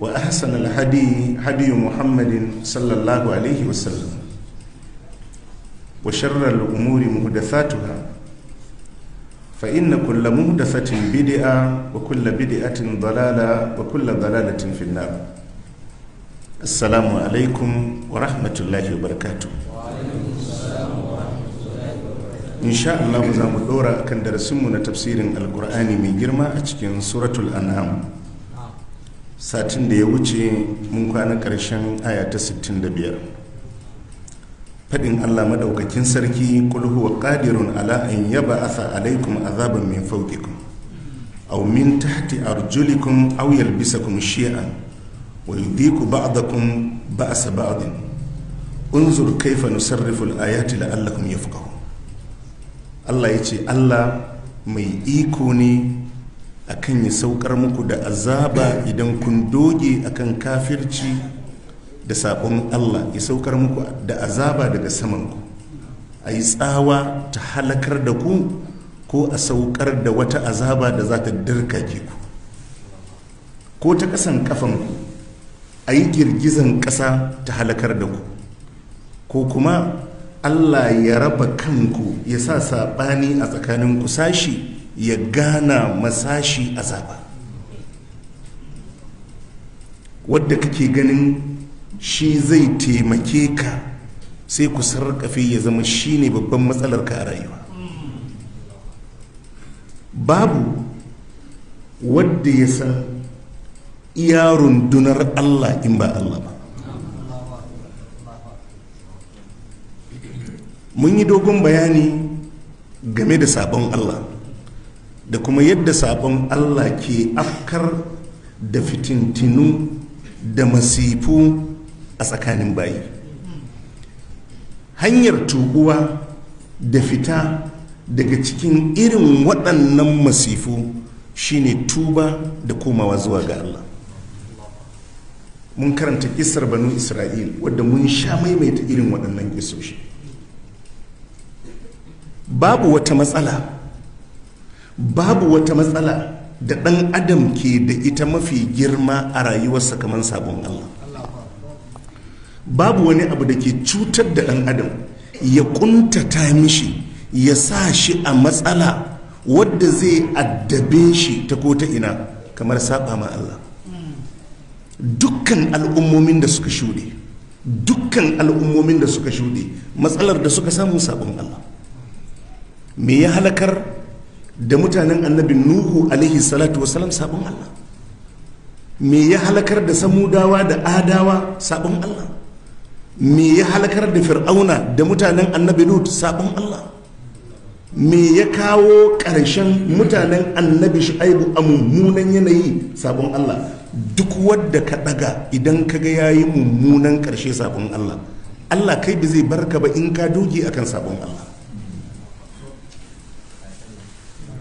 وأحسن الهدي هدي محمد صلى الله عليه وسلم وشر الأمور محدثاتها فإن كل محدثة بدعة وكل بدعة ضلالة وكل ضلالة في النار السلام عليكم ورحمة الله وبركاته in sha Allah za mu dora kan darasinmu na tafsirin alkur'ani mai girma a cikin suratul an'am satin da ya wuce mun kwana ƙarshen aya ta 65 faɗin allah maɗaukakin sarki wa ƙadirun ala an yaba asa alaikum azaban min fauƙikum aw min tahti arjulikum aw yalbisakum shi'an wa yudhiku ba'dakum ba'sa ba'din unzur kaifa nusarrifu al-ayati la'allakum yafqahun Allah ya ce Allah mai iko ne akan ya saukar muku da azaba idan kun doge akan kafirci da sabon Allah ya saukar muku da azaba daga samanku a yi tsawa ta halakar da ku ko a saukar da wata azaba da za ta dirkake ku ko ta ƙasan ku a yi girgizan ƙasa ta halakar da ku ko kuma Allah ya raba kanku ya sa saɓani a tsakanin kusashi. ya gana masashi a zaba. wadda kake ganin shi zai taimake ka sai ku sarrafe ya zama shi ne babban matsalar ka a rayuwa babu wadda ya sa iya rundunar allah in ba allah ba mun yi dogon bayani game da sabon allah da kuma yadda sabon allah ke afkar da fitintinu da masifu a tsakanin bayi hanyar tuguwa da fita daga cikin irin waɗannan masifu shine tuba da komawa zuwa ga allah mun karanta kisar banu isra'il wadda mun sha maimaita irin waɗannan kisoshi babu wata matsala babu wata matsala da ɗan adam ke da ita mafi girma a rayuwarsa kamar sabon Allah babu wani abu da ke cutar da ɗan adam ya ƙuntata mishi ya sa shi a matsala wadda zai addabe shi ta ko ta ina kamar saba ma Allah dukkan al'ummomin da suka shuɗe dukkan al'ummomin da suka shuɗe matsalar da suka samu sabon Allah me ya halakar da mutanen annabi nuhu alaihi salatu wasalam sabon allah me ya halakar da samudawa da adawa sabon allah me ya halakar da fir'auna da mutanen annabi lut sabon allah me ya kawo ƙarshen mutanen annabi shu'aibu a mummunan yanayi sabon allah duk wadda ka ɗaga idan ka ga yayi mummunan ƙarshe sabon allah allah kai ba zai barka ba in ka doge akan sabon allah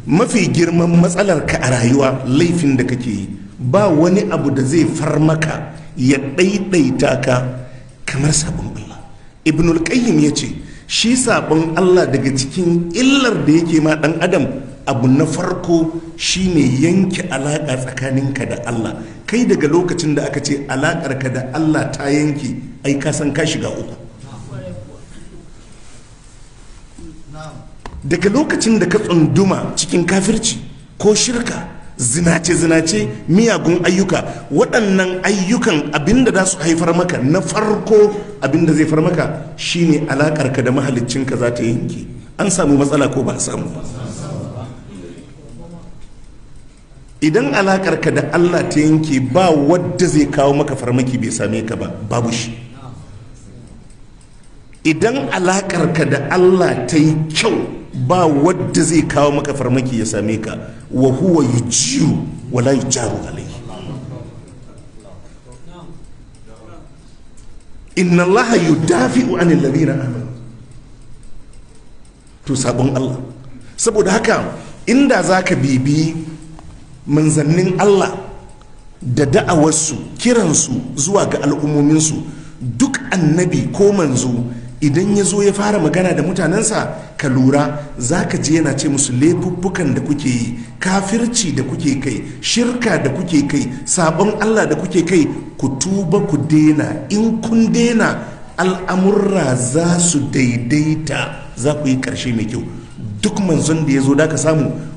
mafi girman matsalar ka a rayuwa laifin da kake yi ba wani abu da zai far maka ya ɗaiɗaita ka kamar sabon Allah ibnul qayyim ya ce shi sabon Allah daga cikin illar da yake ma ɗan adam abu na farko shine yanke alaƙa tsakaninka da Allah kai daga lokacin da aka ce alaƙarka da Allah ta yanke ai ka san ka shiga uku daga lokacin da ka tsunduma cikin kafirci ko shirka zinace-zinace miyagun ayyuka waɗannan ayyukan abinda za su haifar maka na farko abinda zai far maka shine alaƙarka da ka za ta yanke an samu matsala ko ba samu idan alaƙarka da allah ta yanke ba wadda zai kawo maka farmaki bai same ka ba babu shi idan alakarka da Allah ta yi kyau ba wadda zai kawo maka farmaki ya same ka wa huwa yujiru wala yujaru alayhi inna Allah wa anil ladina amanu to sabon Allah saboda haka inda ka bibi manzannin Allah da da'awarsu kiransu zuwa ga al'ummominsu duk annabi ko manzo idan ya zo ya fara magana da mutanensa ka lura za ka je yana ce musu laifuffukan da kuke yi kafirci da kuke kai shirka da kuke kai sabon allah da kuke kai ku tuba ku dena in kun dena al'amurra za su daidaita za ku yi ƙarshe mai kyau duk manzon da ya zo da ka samu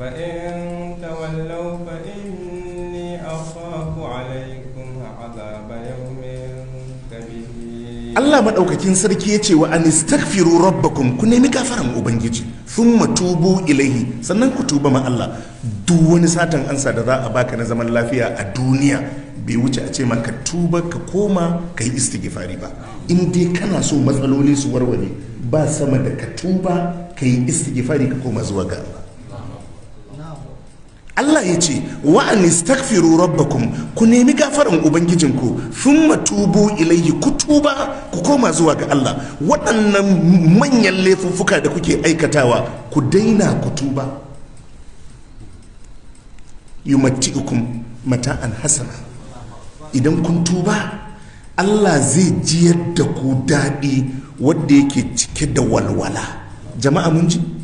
فإن تولوا فإني أخاف عليكم عذاب يوم كبير الله مدaukakin sarki yace wa anistaghfiru rabbakum ku nemi gafaran ubangiji thumma tubu ilaihi sannan ku tuba ma Allah duk wani satan ansa da za a baka na zaman lafiya a duniya bai wuce a ce ma ka tuba ka koma ka yi istighfari ba in dai kana so matsaloli su warware ba sama da ka tuba ka yi istighfari ka koma zuwa ga Allah ya ce wa an istaghfiru rabbakum ku nemi gafaran ubangijinku thumma tubu ilayhi ku tuba ku koma zuwa ga Allah waɗannan manyan laifuffuka da kuke aikatawa ku daina ku tuba yumatti'ukum mata'an hasana idan kun tuba Allah zai jiyar da ku daɗi wadda yake cike da walwala jama'a mun ji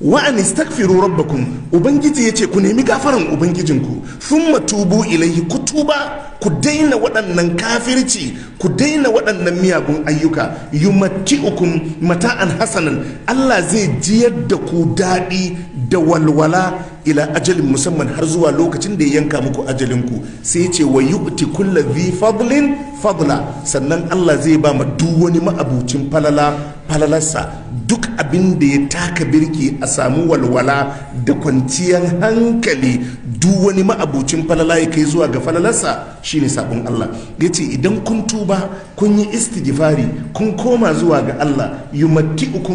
wa'an an istaghfiru rabbakum ubangiji yace ku nemi gafaran ubangijinku sun tubu ilai ku tuba ku daina waɗannan kafirci ku daina waɗannan miyagun ayyuka yumatti'ukum mata'an hasanan Allah zai jiyar da ku daɗi da walwala ila ajalin musamman har zuwa lokacin da ya yanka muku ajalinku. sai ce wa yu'ti kulla dhi fadlin fadla sannan Allah zai ba ma duk wani ma'abucin falala falalarsa duk abin da ya taka birki a samu walwala da kwanciyar hankali duk wani ma'abucin falala ya kai zuwa ga falalarsa Shi ne sabon Allah yace idan kun tuba kun yi istighfari kun koma zuwa ga Allah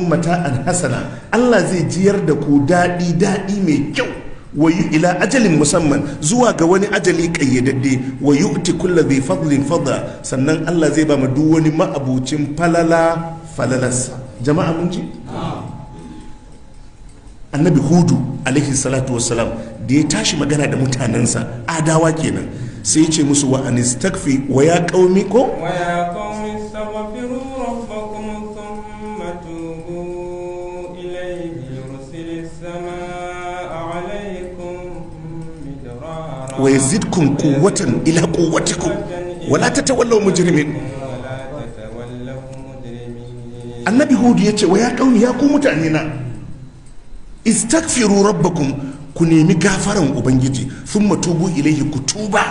mata an hasana Allah zai jiyar da ku daɗi daɗi mai kyau wayu ila ajalin musamman zuwa ga wani ajali kayyadadde wayu ti kulla zai fadlin fadla sannan Allah zai ba duk wani ma'abucin falala falalarsa jama'a mun ji annabi hudu alaihi salatu wasalam da ya tashi magana da mutanensa adawa kenan sai ce musu wa an istakfi wa ya kaumi ko wa ya qaumi astaghfiru rabbakum thumma tubu ilayhi yursilis samaa alaykum midrara wa yazidkum quwwatan ila quwwatikum wa la tatawallaw mujrimin annabi hudu ya ce wa ya kaumi ya ku mutane na istakfiru rabbakum ku nemi gafaran ubangiji sun matubu ilaihi ku tuba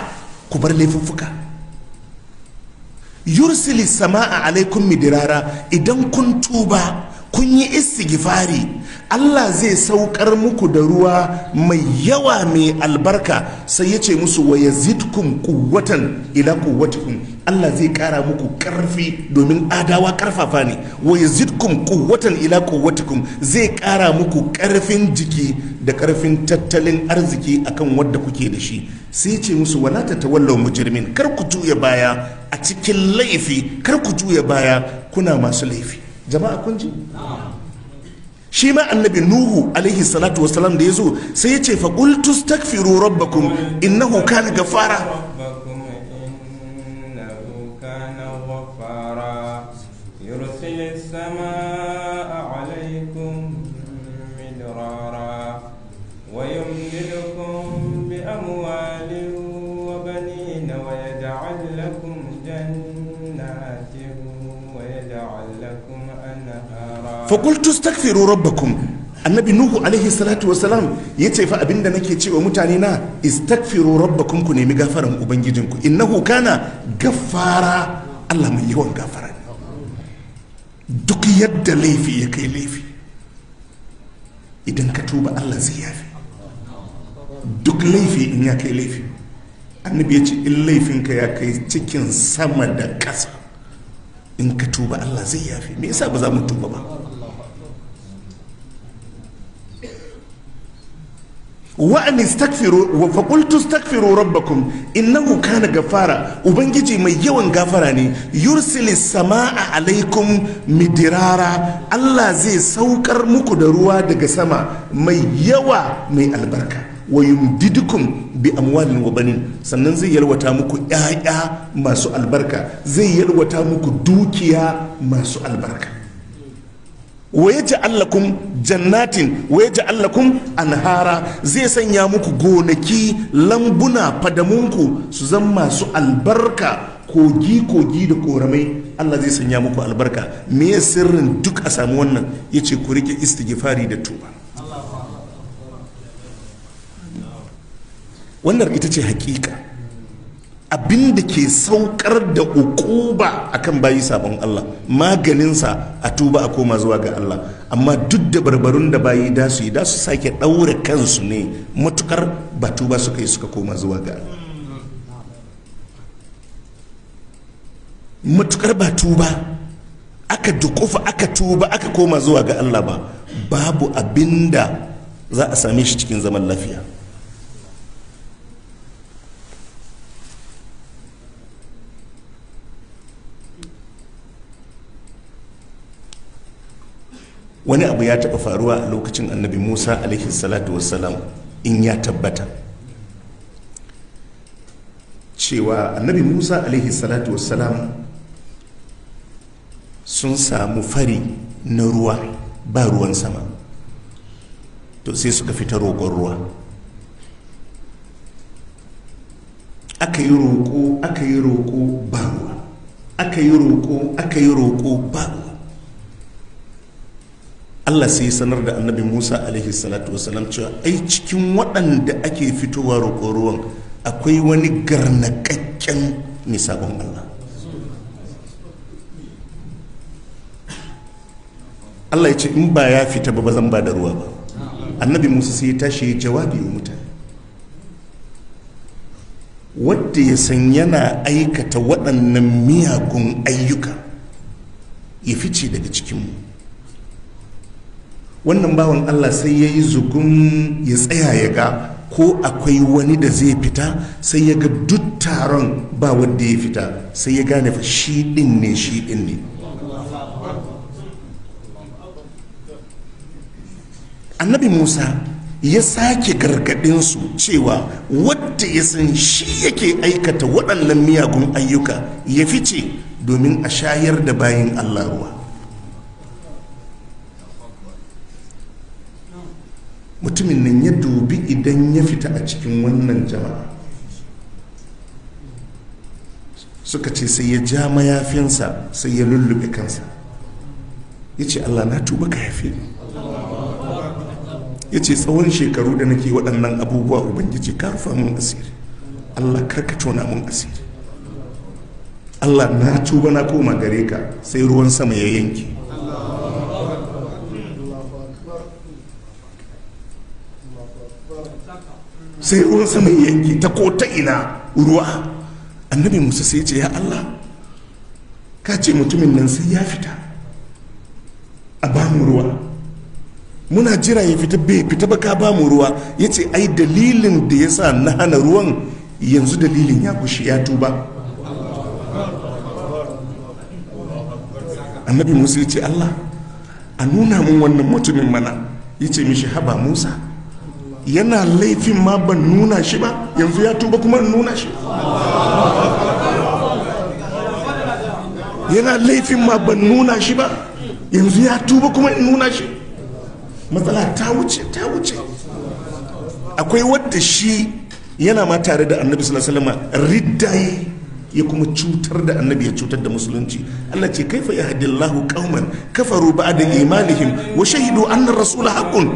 ku bar laifuffuka yursili sama'a alaikum midirara idan kun tuba kun yi istighfari Allah zai saukar muku da ruwa mai yawa mai albarka sai ya ce musu wa yazidkum quwwatan ila quwwatikum Allah zai kara muku karfi domin adawa karfafa ne wa yazidkum quwwatan ila quwwatikum zai kara muku karfin jiki da karfin tattalin arziki akan wadda kuke da shi sai ce musu wala tatawallaw mujrimin kar ku juya baya a cikin laifi kar ku juya baya kuna masu laifi jama'a kun ji shi ma annabi nuhu alaihi salatu wasalam da ya zo sai ya ce faƙul takfiru rabbakum innahu kana gafara يرسل fara. fakultu stakfiru rabbakum annabi nuhu alaihi salatu wa salam ya ce fa abinda nake cewa mutane na rabba rabbakum ku nemi gafaran ubangijinku innahu kana gaffara allah mai yawan gafara duk yadda laifi ya kai laifi idan ka tuba allah zai yafi duk laifi in ya kai laifi annabi ya ce in laifinka ya kai cikin sama da ƙasa in ka tuba allah zai yafi me yasa ba za mu tuba ba wa'an istakfiru wa faqultu istakfiru rabbakum innahu kana gafara ubangiji mai yawan gafara ne yursilis samaa alaikum midirara Allah zai saukar muku da ruwa daga sama mai yawa mai albarka wa yumdidukum bi amwalin wa banin sannan zai yalwata muku ƴaƴa masu albarka zai yalwata muku dukiya masu albarka waje allakum jannatin waje allakum anhara zai sanya muku gonaki lambuna fadamunku su zama masu albarka kogi kogi da koramai Allah zai sanya muku albarka me sirrin duk a samu wannan yace ku rike istighfari da tuba wannan ita ce hakika abin da ke saukar da ukuba akan bayi sabon Allah maganinsa a tuba a koma zuwa ga Allah amma duk da barbarun da bayi da su yi da su sake ɗaure kansu ne matukar ba tuba suka yi suka koma zuwa ga Allah matukar ba tuba aka dukufa aka tuba aka koma zuwa ga Allah ba babu abinda za a same shi cikin zaman lafiya wani abu ya taɓa faruwa a lokacin annabi musa alaihi salatu wasalam in ya tabbata cewa annabi musa alaihi salatu wasalam sun samu fari na ruwa ba ruwan sama to sai suka fita roƙon ruwa aka yi roƙo aka yi roƙo ba ruwa aka yi roƙo aka yi roƙo ba ruwa Allah sai sanar da annabi Musa alaihi salatu wasalam cewa ai cikin waɗanda ake fitowa roƙo ruwan akwai wani garnakakken mai sabon Allah Allah ya ce in ba ya fita ba zan ba da ruwa ba annabi Musa sai ya tashi ya jawabi wa mutane wadda ya san yana aikata waɗannan miyagun ayyuka ya fice daga cikinmu wannan bawan allah sai ya yi zugun ya tsaya ya ga ko akwai wani da zai fita sai ya ga duk taron ba wanda ya fita sai ya gane fa shi din ne shi din ne annabi musa ya sake gargadinsu cewa wadda ya san shi yake aikata waɗannan miyagun ayyuka ya fice domin a shayar da bayan allah ruwa mutumin nan ya dubi idan ya fita a cikin wannan jama'a suka ce sai ya ja mayafinsa sai ya lullube kansa ya ce allah na tuba ka yafe ni ya ce tsawon shekaru da nake waɗannan abubuwa ubangiji ka rufa mun asiri allah karka tona mun asiri allah na tuba na koma gare ka sai ruwan sama ya yanke sai ruwan sama yanki ta ko ta ina ruwa annabi musa sai ce ya allah ka ce mutumin nan sai ya fita a ba mu ruwa muna jira ya fita bai fita ba ka ba mu ruwa ya ce ai dalilin da ya sa na hana ruwan yanzu dalilin ya gushe ya tuba annabi musa ya ce allah a nuna mun wannan mutumin mana ya ce mishi haba musa yana laifin ma ban nuna shi ba yanzu ya tuba kuma nuna shi yana laifin ma ban nuna shi ba yanzu ya tuba kuma in nuna shi matsala ta wuce ta wuce akwai wadda shi yana ma tare da annabi sallallahu alaihi riddaye ya kuma cutar da annabi ya cutar da musulunci Allah ce kaifa yahdillahu qauman kafaru ba'da imanihim wa shahidu anna rasula haqqun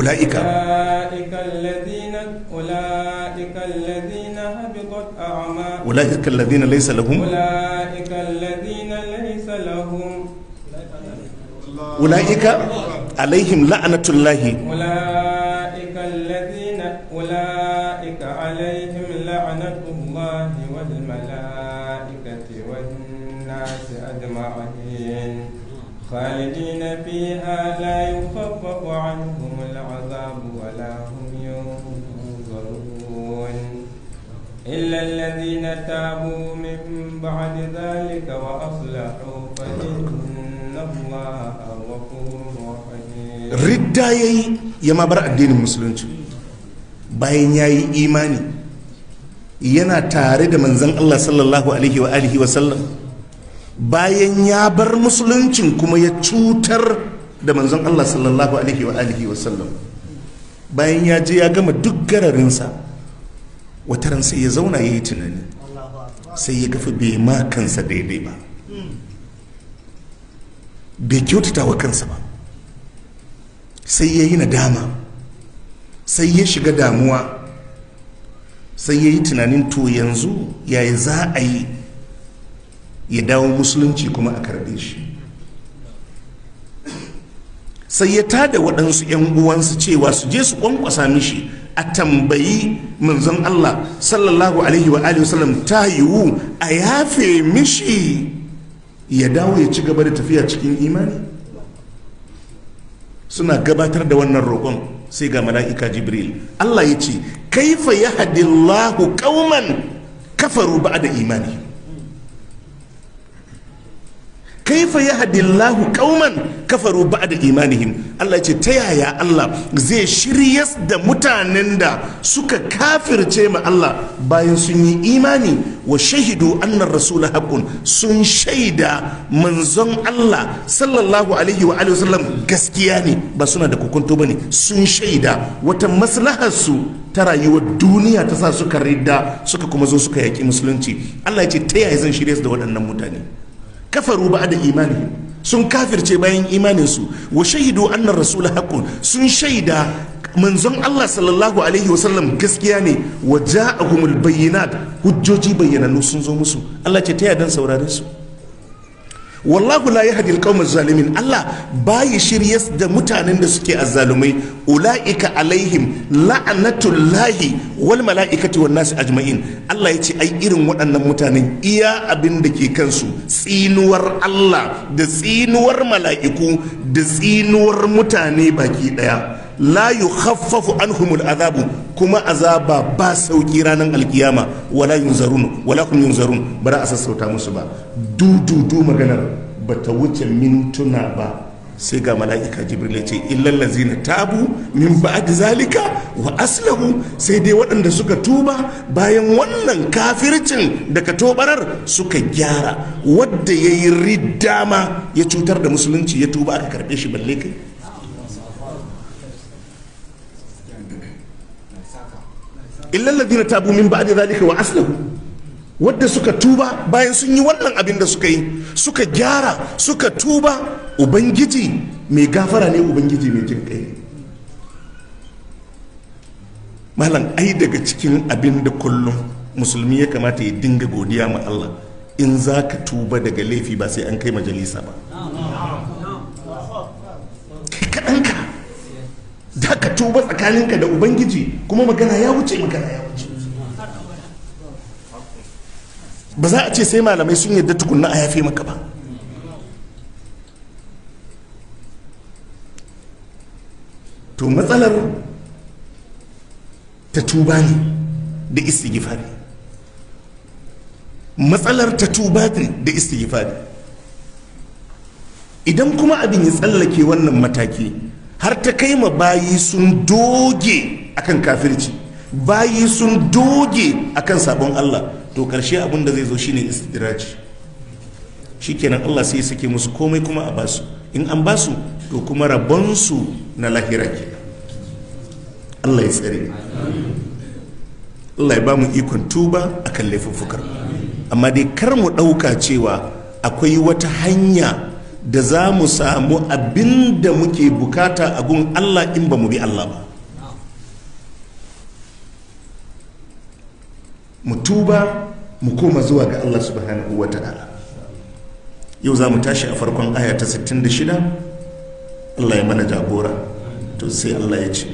أولئك أولئك الذين أولئك الذين هبطت أعمالهم أولئك الذين ليس لهم أولئك الذين ليس لهم أولئك عليهم لعنة الله أولئك الذين أولئك عليهم لعنة الله والملائكة والناس أجمعين خالدين فيها لا يخفف عنهم إلا الذين تابوا من بعد ذلك وأصلحوا فإن الله غفور رحيم ردة يي يما بر الدين المسلمين باين ya yi yana tare da manzan Allah sallallahu alaihi wa alihi wa sallam bayan ya bar musuluncin kuma ya cutar da manzon Allah sallallahu alaihi wa alihi wa sallam bayan ya je ya gama duk gararinsa wata ran sai ya zauna ya yi tunani sai ya gafi bai ma kansa daidai ba bai kyautata wa kansa ba sai ya yi nadama sai ya shiga damuwa sai ya yi tunanin to yanzu yayi za a yi ya dawo musulunci kuma a karbe shi sai ya tada waɗansu 'yan uwansu cewa su je su kwankwasa mishi a tambayi manzon Allah sallallahu alaihi wa alihi wasallam ta yiwu a yafe mishi ya dawo ya ci gaba da tafiya cikin imani suna gabatar da wannan roƙon sai ga mala'ika jibril Allah ya ce kaifa yahdillahu qauman kafaru da imani kaifa yahdillahu ƙauman kafaru da imanihim Allah ce ta yaya Allah zai shirya da mutanen da suka kafirce ma Allah bayan sun yi imani wa shahidu annar rasul haƙun sun shaida manzon Allah sallallahu alaihi wa alihi wasallam gaskiya ne ba suna da ba ne. sun shaida wata maslaharsu ta rayuwar duniya ta sa suka ridda suka kuma zo suka yaƙi musulunci Allah ya ce ta yaya zan shirya da waɗannan mutane kafaru ba da imani sun kafirce bayan imaninsu wa shahidu annar rasul haqqun sun shaida manzon Allah sallallahu alaihi wasallam gaskiya ne wa ja'ahumul bayyinat hujjoji bayyana sun zo musu Allah ce ta yadan sauraren su wallahu la yahdi alqawma zalimin Allah ba bayi shirya da mutanen da suke azzalumai ulaika alaihim la'natullahi wal malaikati wan nasi ajma'in Allah ya ce ai irin waɗannan mutanen iya abin da ke kansu tsinuwar Allah da tsinuwar mala'iku da tsinuwar mutane baki ɗaya. la yukhaffafu anhumul azabu kuma azaba ba sauki ranar alkiyama wala yunzarun wala hum yunzarun bara a sassauta musu ba dududu maganar ba ta wuce mintuna ba sai ga mala'ika jibril ya ce illal lazina tabu min ba'd zalika wa aslahu sai dai waɗanda suka tuba bayan wannan kafircin daga tobarar suka gyara wadda yayi riddama ya cutar da musulunci ya tuba aka karɓe shi balle kai illal ladina tabu min ba'di zalika wa aslahu wadda suka tuba bayan sun yi wannan abin da suka yi suka gyara suka tuba ubangiji mai gafara ne ubangiji mai jin kai malam ai daga cikin abin da kullum musulmi ya kamata ya dinga godiya ma Allah in za ka tuba daga laifi ba sai an kai majalisa ba za ka tuba tsakaninka da ubangiji kuma magana ya wuce magana ya wuce ba za a ce sai malamai sun yadda tukunna a yafe maka ba to matsalar ta tuba ne da istighfari matsalar ta tuba ne da idan kuma abin ya tsallake wannan mataki har ta kai ma bayi sun doge akan kafirci bayi sun doge akan sabon Allah to karshe abin da zai zo shine istidraji shikenan Allah sai suke musu komai kuma a basu in an basu to kuma rabonsu na lahira ke Allah ya tsare Allah ya ba mu ikon tuba akan fukar amma dai kar mu ɗauka cewa akwai wata hanya da za mu samu abin da muke bukata a gun Allah in ba mu bi Allah ba mu tuba mu koma zuwa ga Allah subhanahu wa ta'ala yau za mu tashi a farkon aya ta 66 Allah ya mana jagora to sai Allah ya ce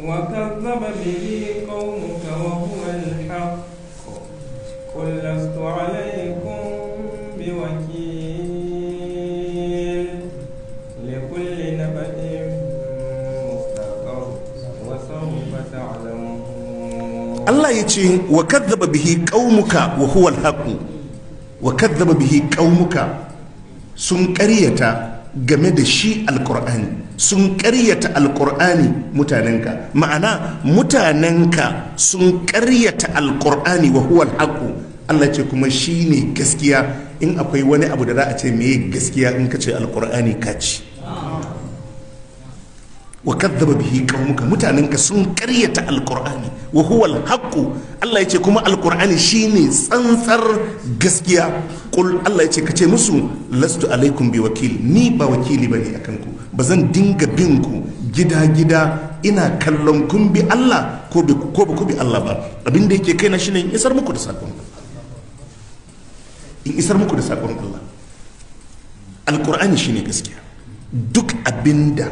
wa kazzaba bihi qaumuka wa huwa al-haqq Allah ya ce wa kadzaba bihi qaumuka wa huwa al wa kadzaba bihi qaumuka sun ƙaryata game da shi alkur'ani sun ƙaryata alkur'ani mutanenka ma'ana mutanenka sun ƙaryata alkur'ani wa huwa al Allah ce kuma shi ne gaskiya in akwai wani abu da za a ce me gaskiya in ka ce alkur'ani ka ci wa kadzaba bihi mutanen ka sun karyata alqur'ani wa huwa alhaqu Allah yace kuma alqur'ani shine tsantsar gaskiya qul Allah yace kace musu lastu alaikum bi wakil ni ba wakili bane akan ku bazan dinga bin ku gida gida ina kallon kun bi Allah ko bi ko bi Allah ba abin da yake kaina shine in isar muku da sakon in isar muku da sakon Allah alqur'ani shine gaskiya duk abinda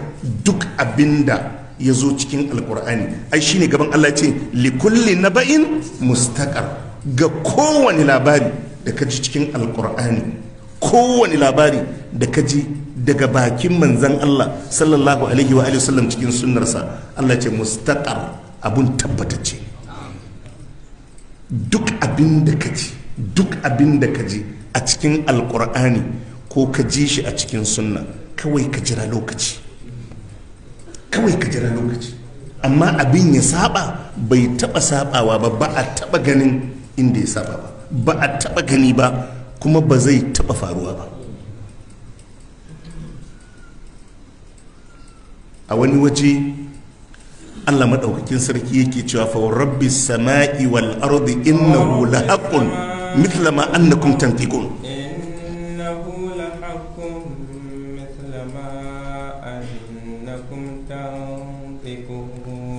duk abinda ya zo cikin alkur'ani ai shine gaban Allah ce likulli naba'in mustaƙar. ga kowane labari da ka ji cikin alkur'ani kowane labari da ka ji daga bakin manzan Allah sallallahu alaihi wa sallam cikin sunnarsa Allah ce mustaqar abun tabbatacce duk abinda ka ji duk abin ka ji a cikin alkur'ani ko ka ji shi a cikin sunna kawai ka jira lokaci kawai ka jira lokaci amma abin ya saba bai taba sabawa ba ba a taba ganin inda ya saba ba ba a taba gani ba kuma ba zai taba faruwa ba a wani waje allah maɗaukakin sarki yake cewa fa rabbi sama'i wal ardi innahu lahaqqun mithla ma annakum tantiqun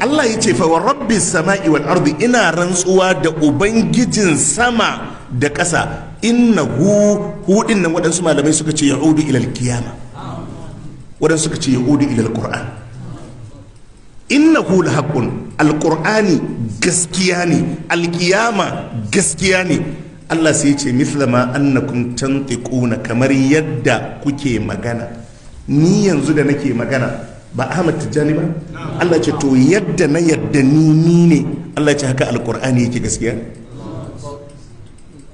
Allah ya ce fa wa rabbi sama'i wal ardi ina rantsuwa da ubangijin sama da ƙasa innahu hudin nan waɗansu malamai suka ce ya'udu ilal kiyama waɗansu suka ce ya'udu ilal qur'an innahu lahaqqun alqur'ani gaskiya ne alkiyama gaskiya ne Allah sai ya ce mithlama annakum tantiquna kamar yadda kuke magana ni yanzu da nake magana ba ahmad tijjani ba allah ce to yadda na yadda ni ni ne allah ce haka alkur'ani yake gaskiya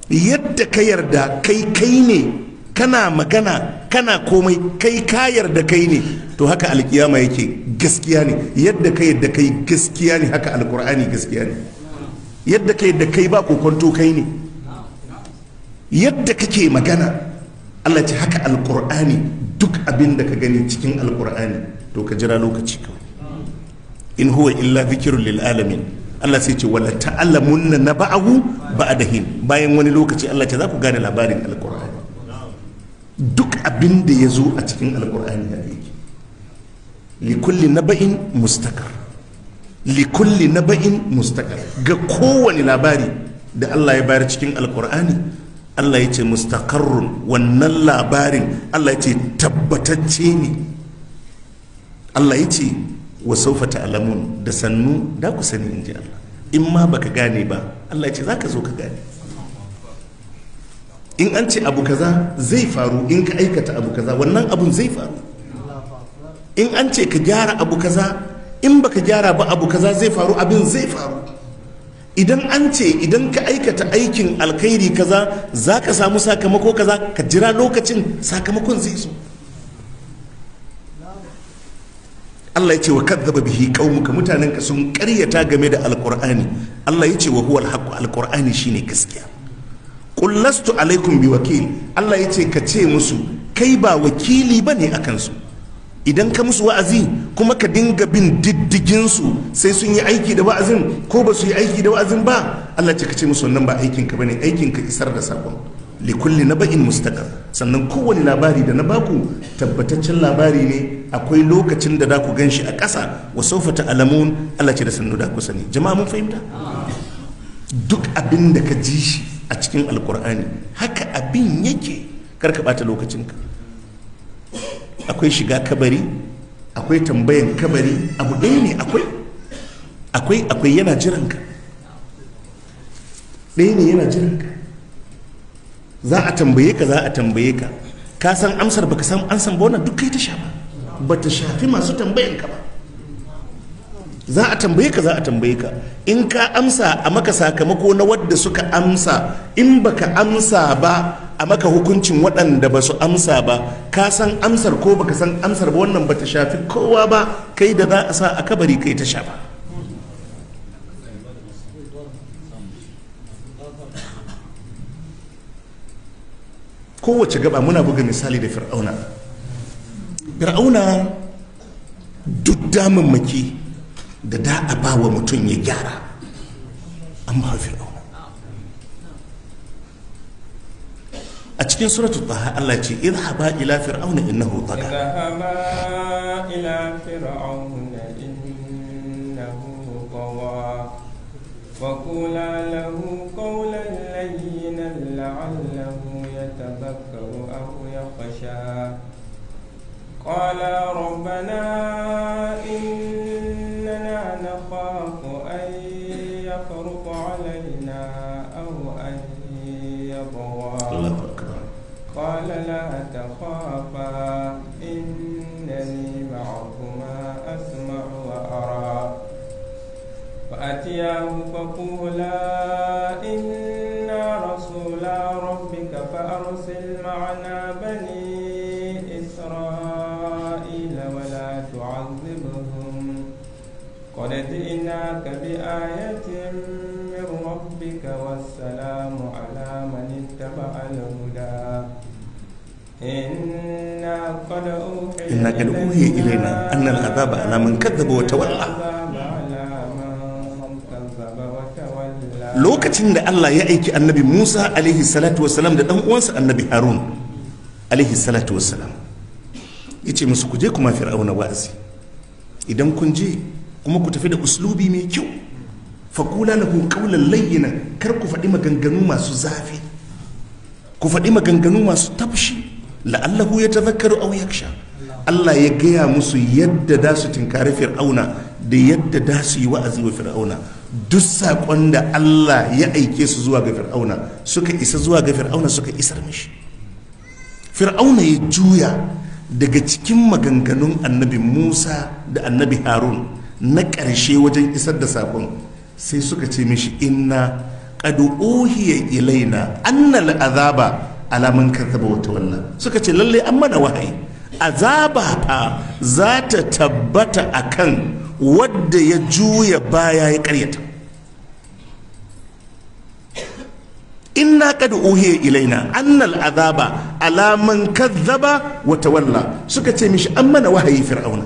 yadda ka yarda kai kai ne kana magana kana komai kai ka yarda kai ne to haka alkiyama yake gaskiya ne yadda ka yarda kai gaskiya ne haka alkur'ani gaskiya ne yadda ka yarda kai ba kokonto kai ne yadda kake magana allah ce haka alkur'ani duk abin da ka gani cikin alkur'ani to ka jira lokaci kawai in huwa illa zikirun lil alamin Allah sai ce wala ta'lamunna naba'ahu ba'dahin bayan wani lokaci Allah ce za ku gane labarin alkur'ani duk abin da ya zo a cikin alkur'ani ya yake kulli naba'in li kulli naba'in mustaqar ga kowane labari da Allah ya bayar cikin alkur'ani Allah ya ce mustaqarrun wannan labarin Allah ya ce tabbatacce ne Allah ya ce wa saufa ta'lamun da sannu da ku sani in ji Allah in ma baka gane ba Allah ya ce zaka zo ka gane in an ce abu kaza zai faru in ka aikata abu kaza wannan abun zai faru in an ce ka gyara abu kaza in baka gyara ba abu kaza zai faru abin zai faru idan an ce idan ka aikata aikin alkhairi kaza za ka samu sakamako kaza ka jira lokacin sakamakon zai so Allah ya ce wa kadzaba bihi qaumuka ka sun karyata game da alqur'ani Allah ya ce wa huwal haqq alqur'ani shine gaskiya qul lastu alaikum biwakil Allah ya ce ka ce musu kai ba wakili bane akan su idan ka musu wa'azi kuma ka dinga bin diddiginsu sai sun yi aiki da wa'azin ko ba su yi aiki da wa'azin ba Allah ce ka ce musu wannan ba aikin ka bane aikin ka isar da sakon li kulli naba'in mustaqar sannan kowane labari da na baku tabbataccen labari ne akwai lokacin da za ku ganshi a ƙasa wa sawfa ta'lamun Allah ce da sannu da ku sani jama'a mun fahimta duk abin da ka ji shi a cikin alkur'ani haka abin yake karka bata lokacinka akwai shiga kabari akwai tambayan kabari abu ɗaya ne akwai akwai akwai yana jiranka ɗaya ne yana jiranka za a tambaye ka za a tambaye ka ka san amsar baka san amsar ba wannan duk kai ta ba ba ta shafi masu tambayan ka ba za a tambaye ka za a tambaye ka in ka amsa a maka sakamako na wadda suka amsa in baka amsa ba a maka hukuncin waɗanda ba su amsa ba ka san amsar ko baka san amsar ba wannan ba ta shafi kowa ba kai da za a sa a kabari kai ta shafa kowace gaba muna buga misali da fir'auna fir'auna duk damammaki da da a ba wa mutum ya gyara an fir'auna أتشكين سورة الطه الله يجي اذهبا إلى فرعون إنه طغى إذهب إلى فرعون إنه طغى وقولا له قولا لينا لعله يتذكر أو يخشى قال ربنا إن تخافا إنني معكما أسمع وأرى فأتياه فقولا إنا رسولا ربك فأرسل معنا بني إسرائيل ولا تعذبهم قد جئناك بآية أنا قد أوحي إلينا أن العذاب على من كذب وتولى lokacin da Allah ya aiki annabi Musa alaihi salatu wasalam da dan uwansa annabi Harun alaihi salatu wasalam yace musu ku je kuma fir'auna wa'azi idan kun je kuma ku tafi da uslubi mai kyau fakula lahu qawlan layyina kar ku faɗi maganganu masu zafi ku faɗi maganganu masu tafshi la'allahu yatadhakkaru aw yakhsha Allah ya gaya musu yadda da su tinkari fir'auna da yadda da su yi wa'azi wa fir'auna duk saƙon da Allah ya aike su zuwa ga fir'auna suka isa zuwa ga fir'auna suka isar mishi fir'auna ya juya daga cikin maganganun annabi musa da annabi harun na ƙarshe wajen isar da saƙon sai suka ce mishi inna qad ya ilaina annal azaba alaman kazzaba wata wannan suka ce lallai an mana wahayi azaba fa za ta tabbata akan wadda ya juya baya ya karyata inna qad uhiya ilaina annal azaba alaman kazzaba wa tawalla suka ce mishi an mana wahayi fir'auna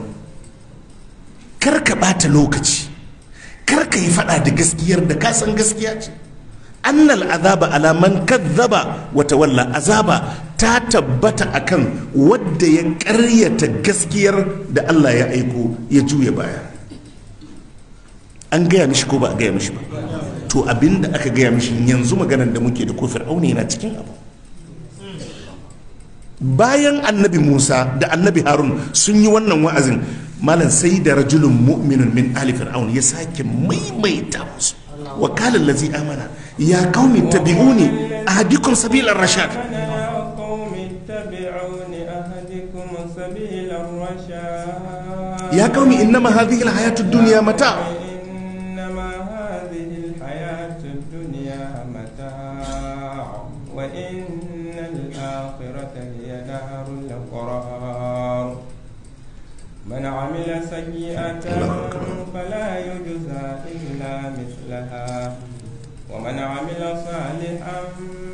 kar ka bata lokaci kar ka yi fada da gaskiyar da ka san gaskiya ce annal azaba alaman kazzaba wa tawalla azaba ta tabbata akan wadda ya karyata gaskiyar da Allah ya aiko ya juya baya an gaya mishi ko ba a gaya mishi ba to abinda aka gaya mishi yanzu maganar da muke da ko fir'auna yana cikin abu bayan annabi musa da annabi harun sun yi wannan wa'azin malam sai da rajulun muminin min ali fir'aun ya sake maimaita musu wa kalan lazi amana ya kaumi tabi'uni ahadikum sabilar rashad يا قوم إنما هذه الحياة الدنيا متاع إنما هذه الحياة الدنيا متاع وإن الآخرة هي دار القرار من عمل سيئة فلا يجزى إلا مثلها ومن عمل صالحا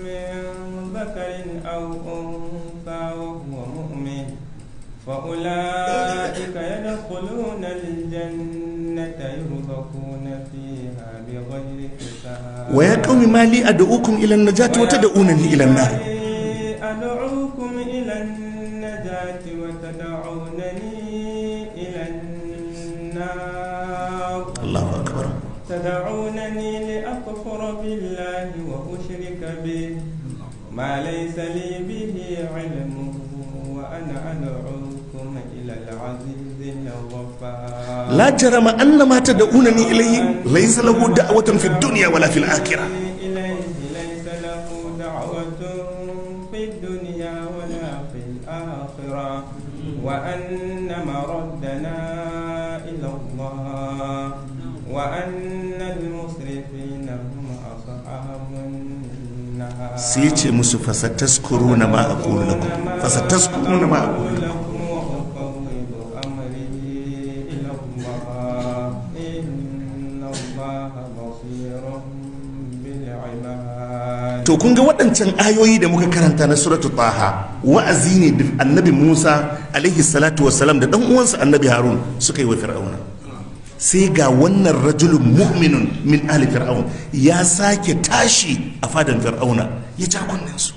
من ذكر أو أنثى فأولئك يدخلون الجنة يرزقون فيها بغير حساب ويا قوم ما لي أدعوكم إلى النجاة وتدعونني إلى النار أدعوكم إلى النجاة وتدعونني إلى النار الله أكبر تدعونني لأكفر بالله وأشرك به ما ليس لي la jarama an na da una ni ilayi laisa lahu da'watan fi wala fil akhirah sai ce musu fasa taskuru na ma'akulu na ku to kun ga waɗancan ayoyi da muka karanta na suratu taha wa'azi ne da annabi musa alaihi salatu wasalam da ɗan uwansa annabi harun suka yi wa fir'auna sai ga wannan rajulun mu'minun min ali fir'aun ya sake tashi a fadan fir'auna ya ja su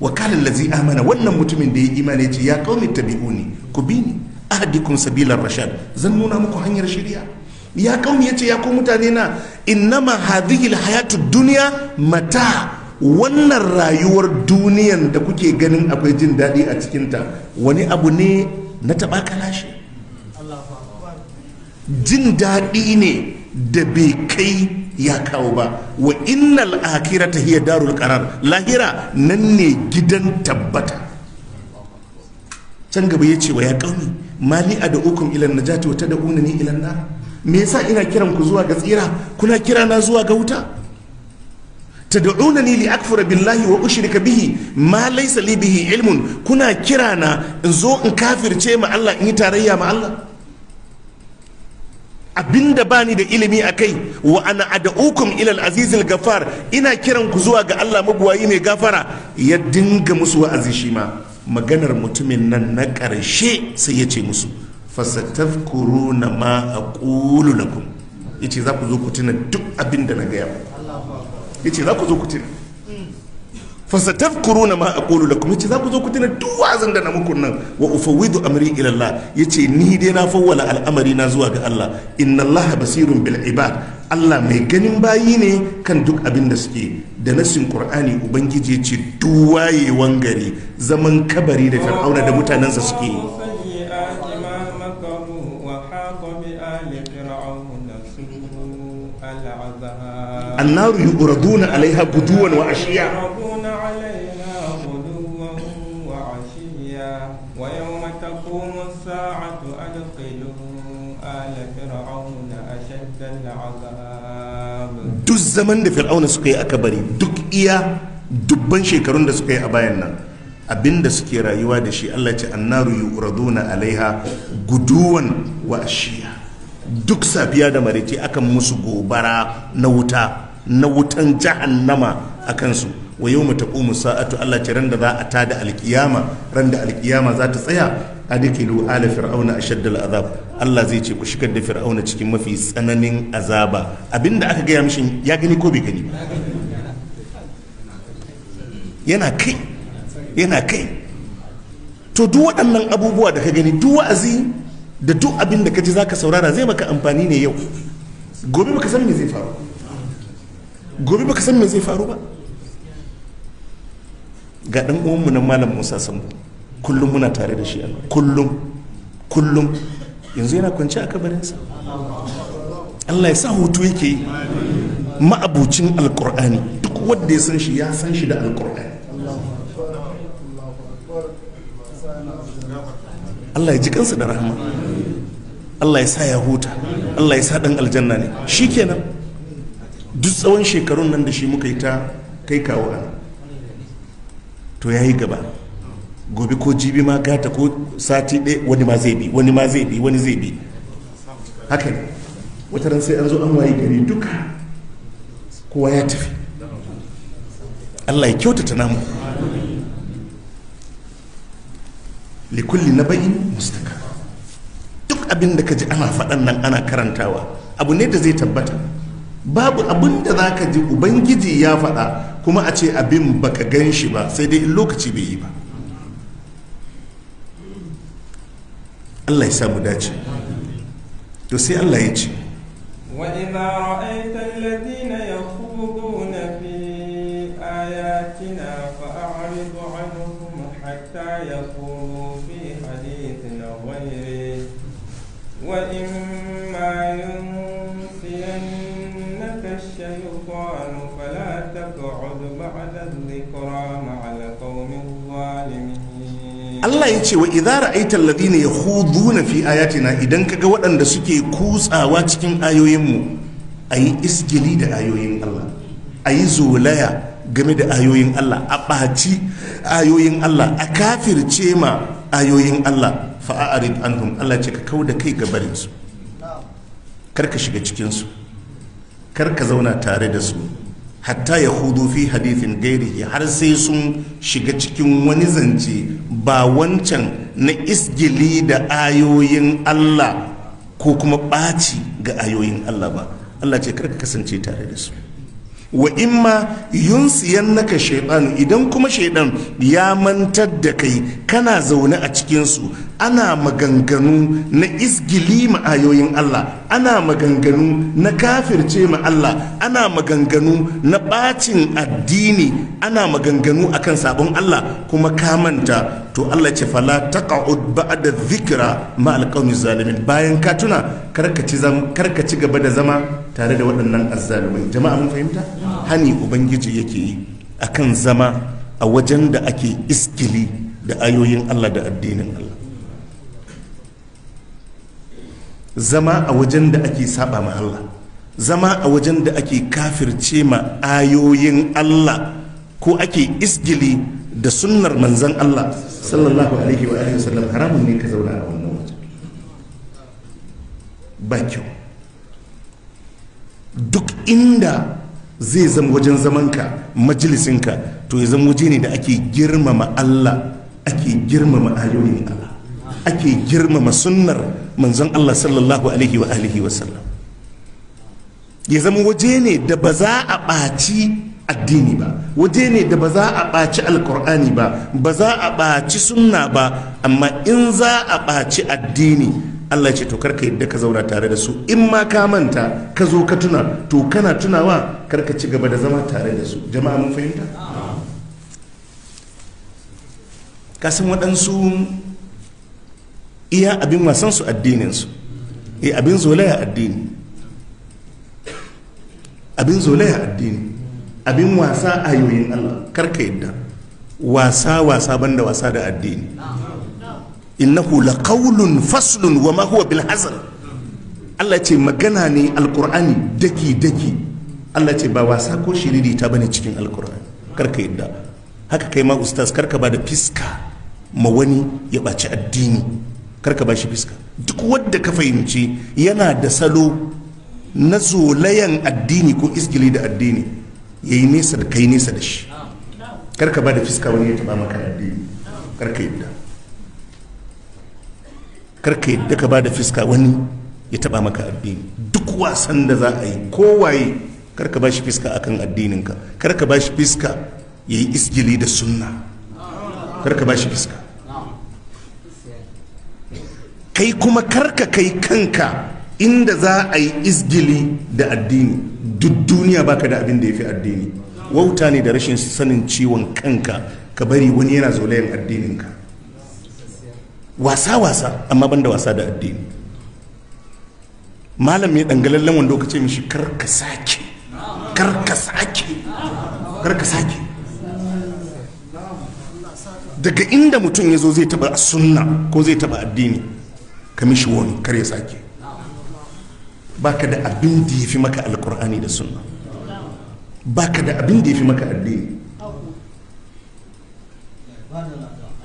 wakalin lazi amana wannan mutumin da ya imani ce ya kaumi tabi'uni ku bi ni ahdikum sabilar rashad zan nuna muku hanyar shirya ya ya ce ya ku mutane na innama hadhihi hayatu duniya mata wannan rayuwar duniyan da kuke ganin akwai jin daɗi a cikinta wani abu ne na taɓa kalashi jin daɗi ne da bai kai ya kawo ba wa innal ta hiya darul karar lahira nan ne gidan tabbata can gaba ya ce wa ya kauni mali a da ukun ilan najati wata da unani ilan nar me yasa ina kiran ku zuwa ga tsira kuna kira na zuwa ga wuta tad'unani li akfura billahi wa ushrika bihi ma laysa li bihi ilmun kuna kira na in zo in kafirce ma Allah in yi tarayya ma Allah abinda bani da ilimi a kai wa ana ad'ukum ila al-aziz al ghafar ina kiran ku zuwa ga Allah mabuwayi mai gafara ya dinga musu wa'azi shi ma maganar mutumin nan na ƙarshe sai ya ce musu na ma a na lakum yace za ku zo ku tuna duk abin da na gaya yace za ku zo ku tuna na ma a na lakum yace za ku zo ku tuna duk wazan da na muku nan wa ufawwidu amri ila Allah yace ni dai na fawwala al'amari na zuwa ga Allah inna Allah basirun bil ibad Allah mai ganin bayi ne kan duk abin da suke da nasin Qur'ani ubangiji yace duwayewan gari zaman kabari da Fir'auna da mutanensa suke annaru yu'raduna alaiha guduwan wa duk zaman da fir'auna suka yi aka bari duk iya dubban shekarun da suka yi a bayan nan abinda suke rayuwa da shi Allah ce annaru yu'raduna alaiha guduwan wa duk safiya da maraice akan musu gobara na wuta na wutan jahannama a kansu wa yau mata ƙumu sa'atu Allah ce randa za a ta da alkiyama randa alkiyama za ta tsaya adikilu ala fir'auna ashaddal azab Allah zai ce ku shigar da fir'auna cikin mafi tsananin azaba abinda aka gaya mishin ya gani ko bai gani yana kai yana kai to duk waɗannan abubuwa da ka gani duk wa'azi da duk abin da ka ji zaka saurara zai maka amfani ne yau gobe baka san me zai faru gobe baka san me zai faru ba ga dan uwanmu na malam musa sambo kullum muna tare da shi kullum kullum yanzu yana kwanci a kabarinsa allah ya sa hutu yake yi ma'abucin alkur'ani duk wanda ya san shi ya san shi da alkur'ani allah ya ji kansa da rahama allah ya sa ya huta allah ya sa dan aljanna ne shikenan duk tsawon shekarun nan da shi muka yi ta kai kawo a to ya yi gaba gobe ko jibi ma gata ko sati ɗaya wani ma zai bi wani ma zai bi wani zai bi haka ne wata ran sai an zo an waye gari duka kowa ya tafi allah ya kyautata namu likulli na bayin mustaka duk abin da ka ji ana faɗan nan ana karantawa abu ne da zai tabbata babu abin da za ka ji ubangiji ya faɗa kuma a ce abin baka gan shi ba sai dai in lokaci bai yi ba allah ya samu dace to sai allah ya ce fi? ayatina الذين يخوضون في آياتنا فأعرض عنهم ya يقولوا Allah ya ce wa idza ya hudu na fi ayatina idan kaga waɗanda suke kutsawa cikin ayoyinmu a yi isgili da ayoyin Allah a yi zolaya game da ayoyin Allah a ɓaci ayoyin Allah a kafirce ma ayoyin Allah fa'arid anhum Allah ce ka kau da kai gabarin su kar ka shiga cikinsu. su kar ka zauna tare da su hatta ya hudu fi hadithin gairi har sai sun shiga cikin wani zance ba wancan na isgili da ayoyin Allah ko kuma ɓaci ga ayoyin Allah ba Allah ce karka kasance tare da su wa imma yunsiyan naka shaidan idan kuma shaidan ya mantar da kai kana zaune a cikinsu ana maganganu na isgili ma ayoyin Allah ana maganganu na kafirce ma Allah ana maganganu na bacin addini ana maganganu akan sabon Allah kuma kamanta to Allah ce fala taqa'ud ba'da dhikra ma alqawmi zalimin bayan ka tuna karkaci karkaci gaba da zama tare da waɗannan azzalumai jama'a mun fahimta hani ubangiji yake yi akan zama a wajen da ake iskili da ayoyin Allah da addinin Allah zama a wajen da ake saba ma Allah zama a wajen da ake kafirce ma ayoyin Allah ko ake isgili da sunnar manzan Allah sallallahu alaihi wa alihi wasallam haramun ne ka zauna a wannan waje ba kyau duk inda zai zama wajen zamanka majalisinka to ya zama waje ne da ake girmama Allah ake girmama ayoyin Allah ake girmama sunnar manzon Allah sallallahu alaihi wa alihi wa sallam ya zama waje ne da ba za a ɓaci addini ba waje ne da ba za a ɓaci alkur'ani ba ba za a ɓaci sunna ba amma in za a ɓaci addini allah ce to karka yadda ka zauna tare da su in ma ka manta ka zo ka tuna to kana tunawa karka ci gaba da zama tare da su jama'a mun fahimta ka san waɗansu iya abin wasan su addinin su eh abin zolaya addini abin zolaya addini abin wasa ayoyin Allah karka yadda wasa wasa banda wasa da addini innahu laqawlun faslun wa ma huwa bil Allah ce magana ne alkur'ani daki daki Allah ce ba wasa ko shiriri ta bane cikin alkur'ani karka yadda haka kai ma ustaz karka ba da fiska ma wani ya ɓaci addini karka ba shi fiska duk wadda ka fahimci yana da salo na zolayan addini ko isgili da addini ya yi nesa da kai nesa da shi karka ba da fiska wani ya taba maka addini karka yadda karka yadda ka ba da fiska wani ya taba maka addini duk wasan da za a yi kowaye karka ba shi fiska akan addininka karka ba shi fiska ya yi isgili da sunna karka ba shi fiska kai kuma karka kai kanka inda za a yi izgili da addini duk duniya baka da abin da ya fi addini wauta ne da rashin sanin ciwon kanka ka bari wani yana zolayen addininka wasa-wasa amma ban da wasa da addini malam ya dangalallen wanda ka ce mishi karka sake karka sake karka sake daga inda mutum ya zo zai taba sunna ko zai taba addini kamishi mishi wani kar ya sake baka da abin da ya fi maka alkur'ani da sunna baka da abin da ya fi maka addini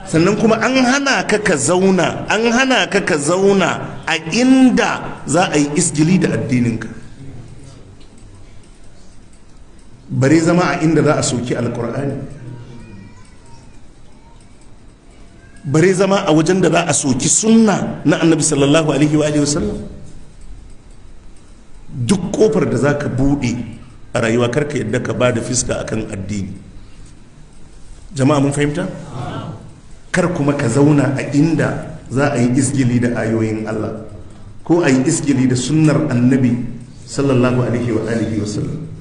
sannan kuma an hana ka ka zauna an hana ka ka zauna a inda za a yi isgili da addininka bare zama a inda za a soki alkur'ani bare zama a wajen da za a soki sunna na annabi sallallahu alaihi wa wasallam duk kofar da za ka buɗe a rayuwa karka yadda ka ba da fiska akan addini jama'a mun fahimta kar kuma ka zauna a inda za a yi isgili da ayoyin allah ko a yi isgili da sunnar annabi sallallahu alaihi wa wasallam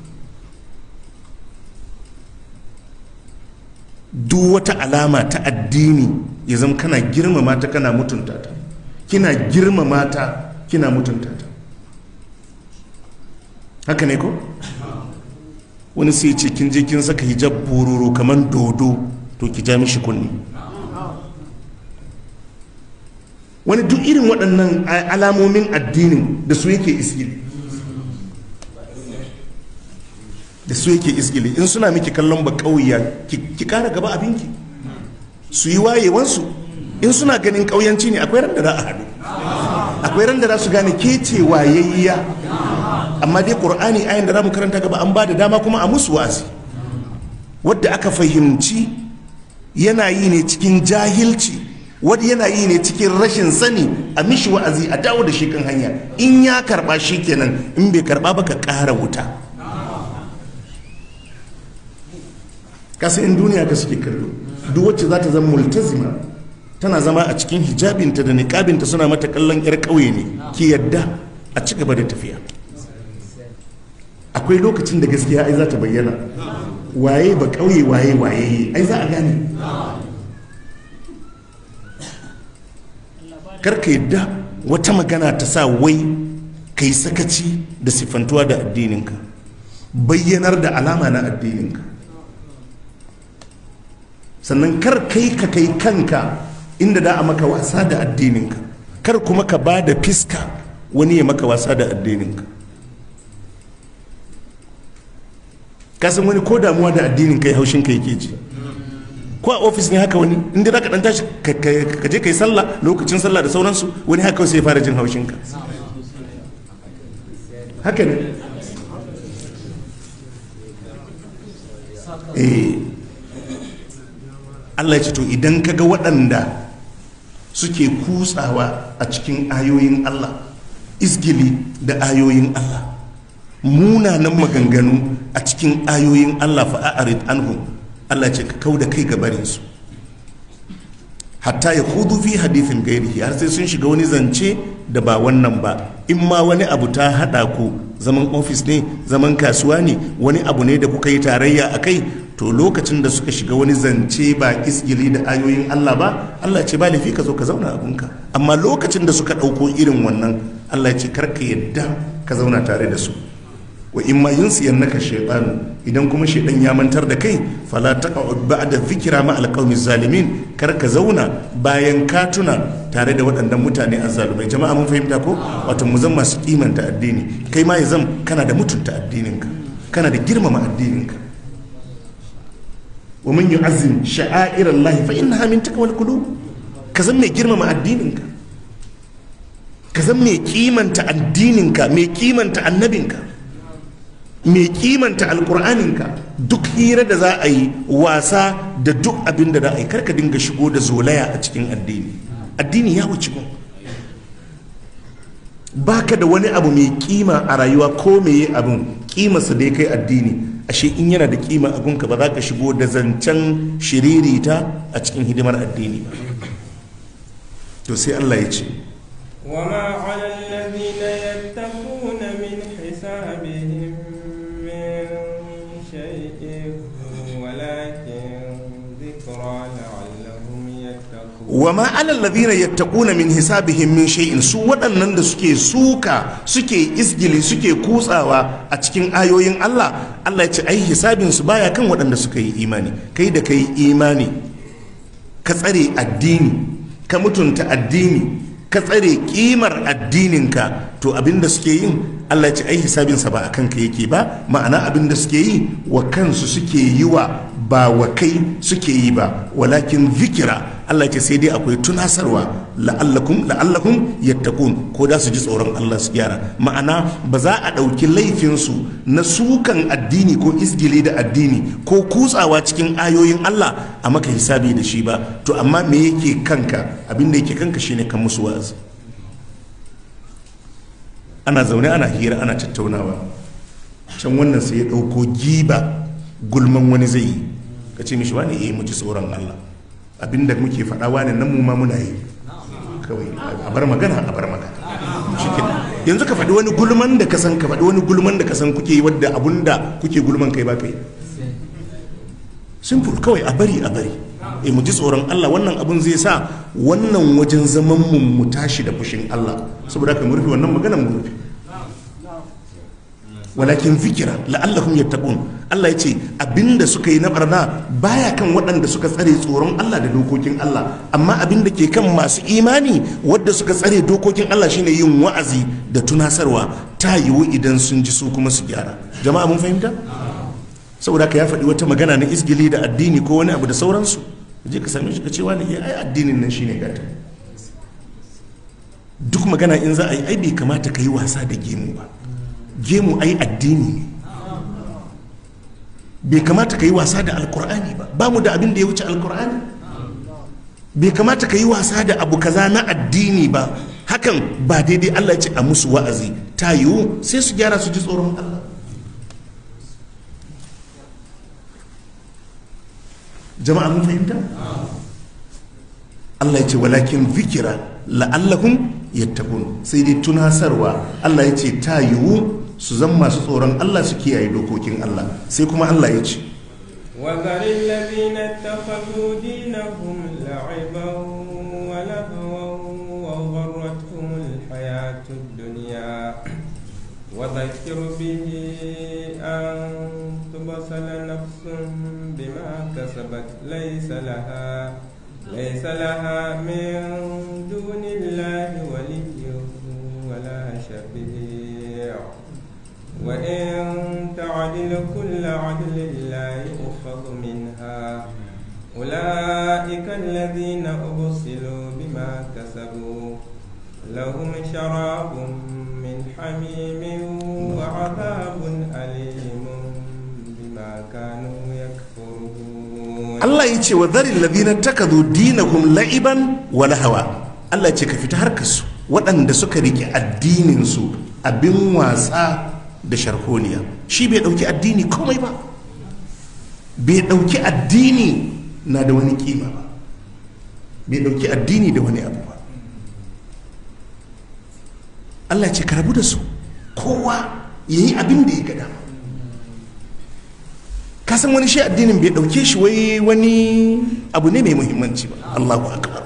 duk wata alama ta addini ya zama kana girmama ta kana mutunta ta kina girmama ta kina mutunta ta haka ne ko wani sai ce kin je kin saka hijab bororo kamar dodo to ki ja mishi kunni wani duk irin waɗannan alamomin addinin da su yake isili da su yake isgili in suna miki kallon ba kauya ki kara gaba abinki su yi wayewansu in suna ganin kauyanci ne akwai ran da za a haɗu akwai ran da za su gane ke ce wayayya amma dai kur'ani ayin da za mu karanta gaba an ba da dama kuma a musu wa'azi wadda aka fahimci yana yi ne cikin jahilci wadda yana yi ne cikin rashin sani a mishi wa'azi a dawo da shi kan hanya in ya karba shi kenan in bai karba ba ka ƙara wuta kasan in duniya ka suke kallo duk wacce za ta zama multazima tana zama a cikin hijabinta da niƙabinta suna mata kallon 'yar ƙauye ne ki yadda a ci gaba da tafiya akwai lokacin da gaskiya ai za ta bayyana waye ba ƙauye waye waye ai za a gane karka yadda wata magana ta sa wai ka yi sakaci da siffantuwa da addininka bayyanar da alama na addininka sannan kar kai ka kai kanka inda da a maka wasa da addininka kar kuma ka ba da fiska wani ya maka wasa da addininka kasan wani ko damuwa da addinin kai haushin kai ke ji ko a ofis ne haka wani inda za ka dan tashi ka je ka yi sallah lokacin sallah da sauransu wani haka sai ya fara jin haushin ka haka ne eh Allah ya ce to idan ka ga waɗanda suke kutsawa a cikin ayoyin Allah izgili da ayoyin Allah munanan maganganu a cikin ayoyin Allah fa'arid anhum Allah ce ka kau da kai gabarinsu hatta ya hudu fi hadithin gairihi har sai sun shiga wani zance da ba wannan ba in ma wani abu ta haɗa ku zaman ofis ne zaman kasuwa ne wani abu ne da kuka yi tarayya a kai to lokacin da suka shiga wani zance ba isgili da ayoyin Allah ba Allah ce ba lafi ka zo ka zauna abinka amma lokacin da suka ɗauko irin wannan Allah ce kar ka yadda ka zauna tare da su wa in ma naka shaytanu idan kuma shaɗan ya mantar da kai fala ba da fikira ma alqawmi zalimin kar ka zauna bayan ka tuna tare da waɗannan mutane a zalumai jama'a mun fahimta ko wato mu zan masu kimanta addini kai ma ya zan kana da mutunta addininka kana da girmama addininka wa man yu'azzim sha'airallahi fa innaha min taqwal qulub ka zan mai girmama addininka ka zan mai kimanta addininka mai kimanta annabinka mai kimanta alkur'aninka duk hira da za a yi wasa da duk abin da za a yi karka dinga shigo da zolaya a cikin addini addini ya wuce gun baka da wani abu mai kima a rayuwa ko meye abin kimarsa da ya kai addini ashe in yana da kima a gunka ba za ka shigo da zancen shiririta a cikin hidimar addini ba to sai Allah ya ce wa na yadda wa ma ya ladina yattaquna min hisabihim min shay'in su waɗannan da suke suka suke isgili suke kutsawa a cikin ayoyin Allah Allah ya ce ai hisabin su baya kan waɗanda suka yi imani kai da kai imani ka tsare addini ka mutunta addini ka tsare kimar addininka to abinda suke yin Allah ya ce ai hisabin sa ba akan ka yake ba ma'ana abin da suke yi wa kansu suke yi wa ba wa kai suke yi ba walakin zikira Allah ce sai dai akwai tunasarwa la'allakum la'allakum yattaqun ko da su ji tsoron Allah su gyara ma'ana ba za a ɗauki laifinsu na sukan addini ko isgili da addini ko kutsawa cikin ayoyin Allah a maka hisabi da shi ba to amma me yake kanka abin da yake kanka shine kan musu wa'azi ana zaune ana hira ana tattaunawa can wannan sai ya ɗauko giba gulman wani zai yi ka ce mishi wani eh mu ji tsoron Allah abinda muke faɗa wani nan mu ma muna yi kawai a bar magana a bar magana yanzu ka faɗi wani gulman da ka san ka faɗi wani gulman da ka san kuke yi wadda abunda kuke gulman kai ba kai simple kawai a bari a bari e mu ji tsoron Allah wannan abun zai sa wannan wajen zaman mu mu tashi da fushin Allah saboda ka mu rufe wannan magana mu rufe walakin zikira la'allahum yattaqun Allah ya ce abinda suka yi na barna baya kan waɗanda suka tsare tsoron Allah da dokokin Allah amma abinda ke kan masu imani wadda suka tsare dokokin Allah shine yin wa'azi da tunasarwa ta yiwu idan sun ji su kuma su gyara jama'a mun fahimta saboda ka ya faɗi wata magana na isgili da addini ko wani abu da sauransu je ka same shi ka addinin nan shine gata duk magana in za a yi ai bai kamata ka yi wasa da gemu ba gemu ai addini ne bai kamata ka yi wasa da alkur'ani ba ba mu da abin da ya wuce alkur'ani bai kamata ka yi wasa da abu kaza na addini ba hakan ba daidai allah ce a musu wa'azi ta yiwu sai su gyara su ji tsoron allah jama'a mun fahimta allah ya ce walakin fikira la'allahun yattaqun sai dai tunasarwa allah ya ce ta yiwu su zan masu tsoron Allah su kiyaye dokokin Allah sai kuma Allah ya ce وذر الذين اتخذوا دينهم لعبا ولهوا وغرتهم الحياة الدنيا وذكر به أن تبصل نفس بما كسبت ليس لها ليس لها من وإن تعدل كل عدل لا يؤخذ منها أولئك الذين أبصلوا بما كسبوا لهم شراب من حميم وعذاب أليم بما كانوا يكفرون الله يتي وذر الذين اتخذوا دينهم لعبا ولهوا الله يتي كفيت وأن دسوك suka الدين سوء abin wasa da sharholiya shi bai ɗauki addini komai ba bai ɗauki addini na da wani kima ba bai ɗauki addini da wani abu ba allah ce karabu da su kowa ya yi abin da ya gada kasan wani shi addinin bai ɗauke shi wai wani abu ne mai muhimmanci ba allahu akbar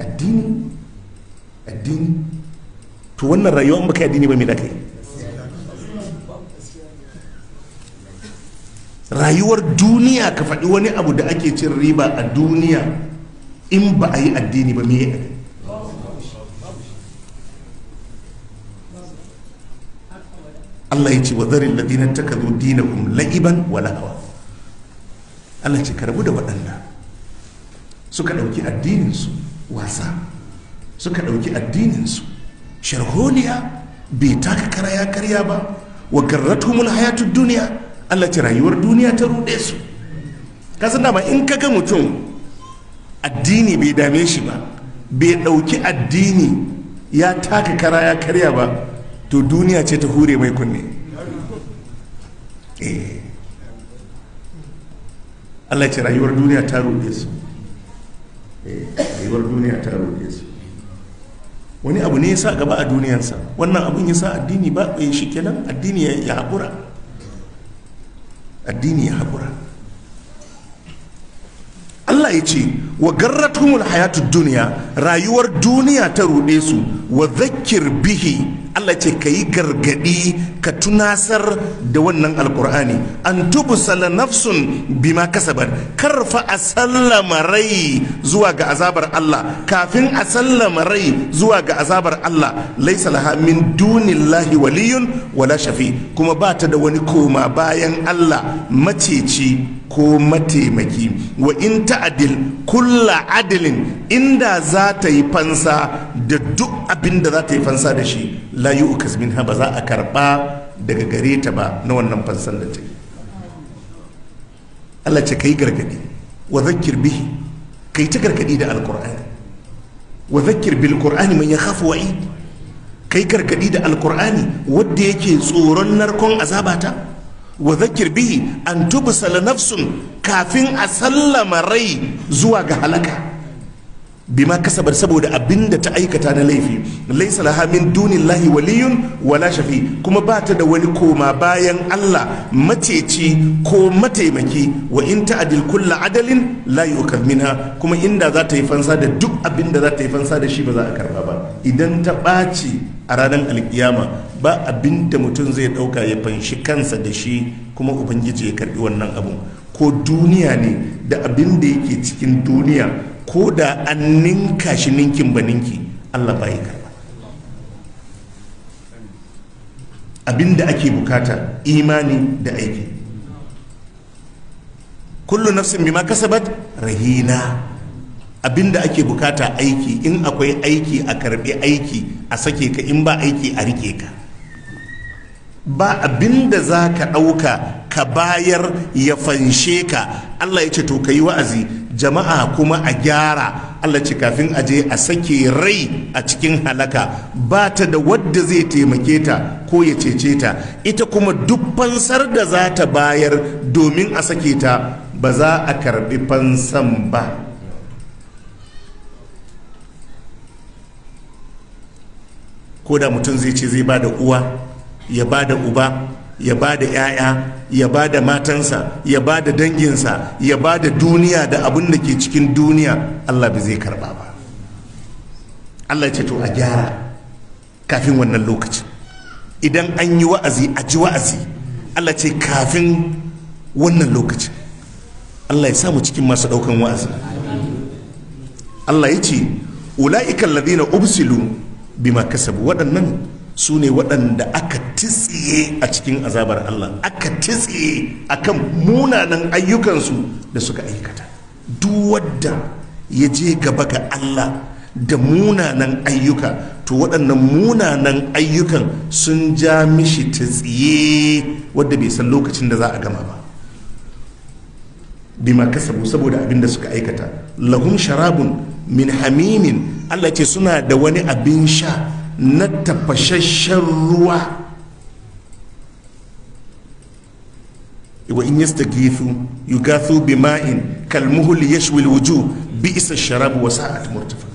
addini addini to wannan rayuwa baka yi addini ba mai da kai rayuwar duniya ka faɗi wani abu da ake cin riba a duniya in ba a yi addini ba mai me Allah ya ce wa zarin ladina dina dinakum la'iban wa la'awa Allah ce karbu da waɗanda suka ɗauki addininsu wasa suka ɗauki addininsu sharholiya bai taka kara ya karya ba wa mul hayatud duniya Allah ta rayuwar duniya ta ruɗe su kasan dama in ka ga mutum addini bai dame shi ba bai ɗauki addini ya taka kara ya karya ba to duniya ce ta hure mai kunne eh. Allah ce rayuwar duniya ta ruɗe su eh, rayuwar duniya ta ruɗe su wani abu ne ya sa gaba a duniyarsa wannan abun ya sa addini ba ya shi kenan addini ya haƙura addini ya haƙura Allah ya ce wa garratumul hayatu duniya rayuwar duniya ta ruɗe su wa zakir bihi Allah ce ka yi gargadi ka tunasar da wannan alkur'ani an na nafsun bima kasabar karfa a sallama rai zuwa ga azabar Allah kafin a sallama rai zuwa ga azabar Allah laisa laha min dunillahi waliyun wala shafi kuma ba ta da wani koma bayan Allah maceci ko mataimaki wa in ta'adil kulla adilin inda za ta yi fansa da duk abin da za ta yi fansa da shi la yi ukas min ba za a karɓa daga gare ta ba na wannan fansan da ta yi Allah ce kai gargadi wa zakir bihi kai ta gargadi da alkur'ani wa zakir bil qur'ani man yakhafu wa'i kai gargadi da alkur'ani wanda yake tsoron narkon ta wa zakir bihi an tubsala nafsun kafin a sallama rai zuwa ga halaka bima kasabar saboda abin da ta aikata na laifi laisa laha min dunillahi waliyun wala shafi kuma ba ta da wani koma bayan Allah maceci ko mataimaki wa in adil kulla adalin la yuqad minha kuma inda za ta yi fansa da duk abinda da za ta yi fansa da shi ba za a karba ba idan ta ɓaci a ranar alkiyama ba abinda mutum zai ɗauka ya fanshi kansa da shi kuma ubangiji ya karbi wannan abu ko duniya ne da abin da yake cikin duniya ko da an ninka shi ninkin ba ninki Allah ba yi karba abinda ake bukata imani da aiki kullu nafsin bima kasabat rahina abinda ake bukata aiki in akwai aiki a karbi aiki a sake ka in ba aiki a rike ka ba abinda za ka ɗauka ka bayar ya fanshe ka Allah ya ce to ka yi wa'azi jama'a kuma a gyara Allah ce kafin aje a sake rai a cikin halaka ba ta da wadda zai taimake ta ko ya cece ta ita kuma duk fansar da za ta bayar domin a sake ta ba za a karbi fansan ba ko da mutum zai ce zai ba da uwa ya ba da uba ya ba da 'ya'ya ya ba da matansa ya ba da danginsa ya ba da duniya da abin da ke cikin duniya allah ba zai karba ba allah ce to a gyara kafin wannan lokacin idan an yi wa'azi a ji wa'azi allah ce kafin wannan lokacin allah ya samu cikin masu ɗaukan wa'azi allah ya ce ula'ikan ladina ubsilu bima kasabu waɗannan su ne waɗanda aka titsiye a cikin azabar Allah aka titsiye kan munanan ayyukansu da suka aikata duk wadda ya je gaba ga Allah da munanan ayyuka to waɗannan munanan ayyukan sun ja mishi ta wadda bai san lokacin da za a gama ba bima kasabu saboda abin da suka aikata lahum sharabun min hamimin Allah ce suna da wani abin sha na tafashashen ruwa wa in yastagithu yugathu bima'in kalmuhul yashwi alwujuh bi'sa ash-sharab wa sa'at murtafa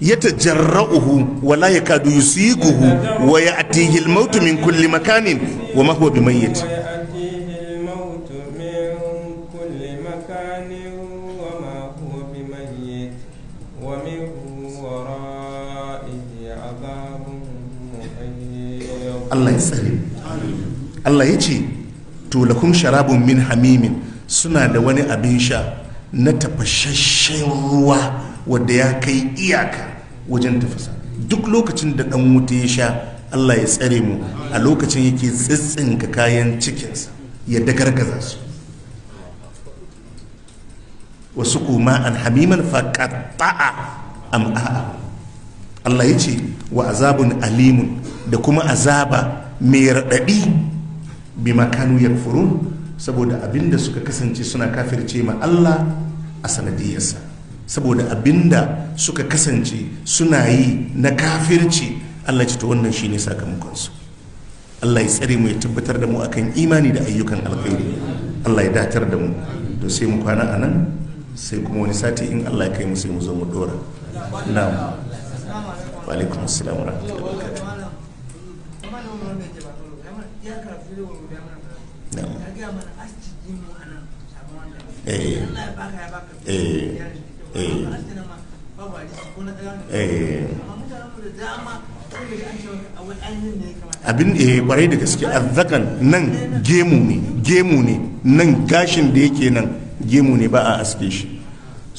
yatajarra'uhu wa la yakadu yusiguhu wa ya'tihi al-mautu min kulli makanin wa ma huwa bimayyit Allah ya tsare Allah ya ce tolakun sharabun min hamimin suna da wani abin sha na tafashashen ruwa wadda ya kai iyaka wajen tafasa duk lokacin da dan wuta ya sha Allah ya tsare mu a lokacin yake tsitsinka kayan cikinsa ya dagargaza su wasu kuma an hamiman faƙaɗa'a am'a'a Allah ya ce wa azabun alimun da kuma azaba mai raɗaɗi bi makanu furu saboda abinda suka kasance suna kafirce ma Allah a sanadiyarsa saboda abinda suka kasance suna yi na kafirci Allah ce ta wannan shine sakamakonsu Allah ya tsare mu ya tabbatar da mu akan imani da ayyukan alkhairi Allah ya datar da mu to sai mu kwana a nan, sai kuma wani sati in Allah ya kai mu sai mu zo mu dora na'am wa salam wa rahmatullahi wa barakatuh eh eh eh eh abin da ya da gaske azzakan nan gemu ne gemu ne nan gashin da yake nan gemu ne ba a aske shi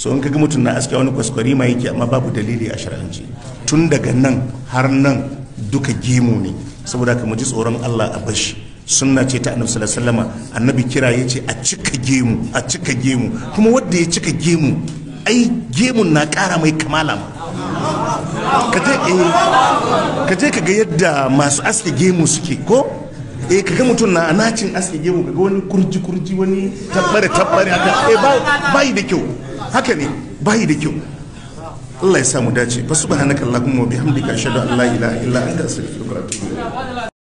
so in kaga mutum na aske wani kwaskwari ma yake amma babu dalili a shari'anci tun daga nan har nan duka gemu ne saboda ka ji tsoron Allah a bashi sunna ce ta annabi sallallahu alaihi annabi kira yace a cika gemu a cika gemu kuma wanda ya cika gemu ai gemun na kara mai kamala ma ka je eh, ka yadda masu aske gemu suke ko eh ka ga mutum na anacin aske gemu kaga wani kurji kurji wani tabbare tabbare haka eh yi da kyau haka ne yi da kyau Allah ya samu dace fa allahumma wa bihamdika ashhadu an la ilaha illa anta astaghfiruka wa atubu ilaik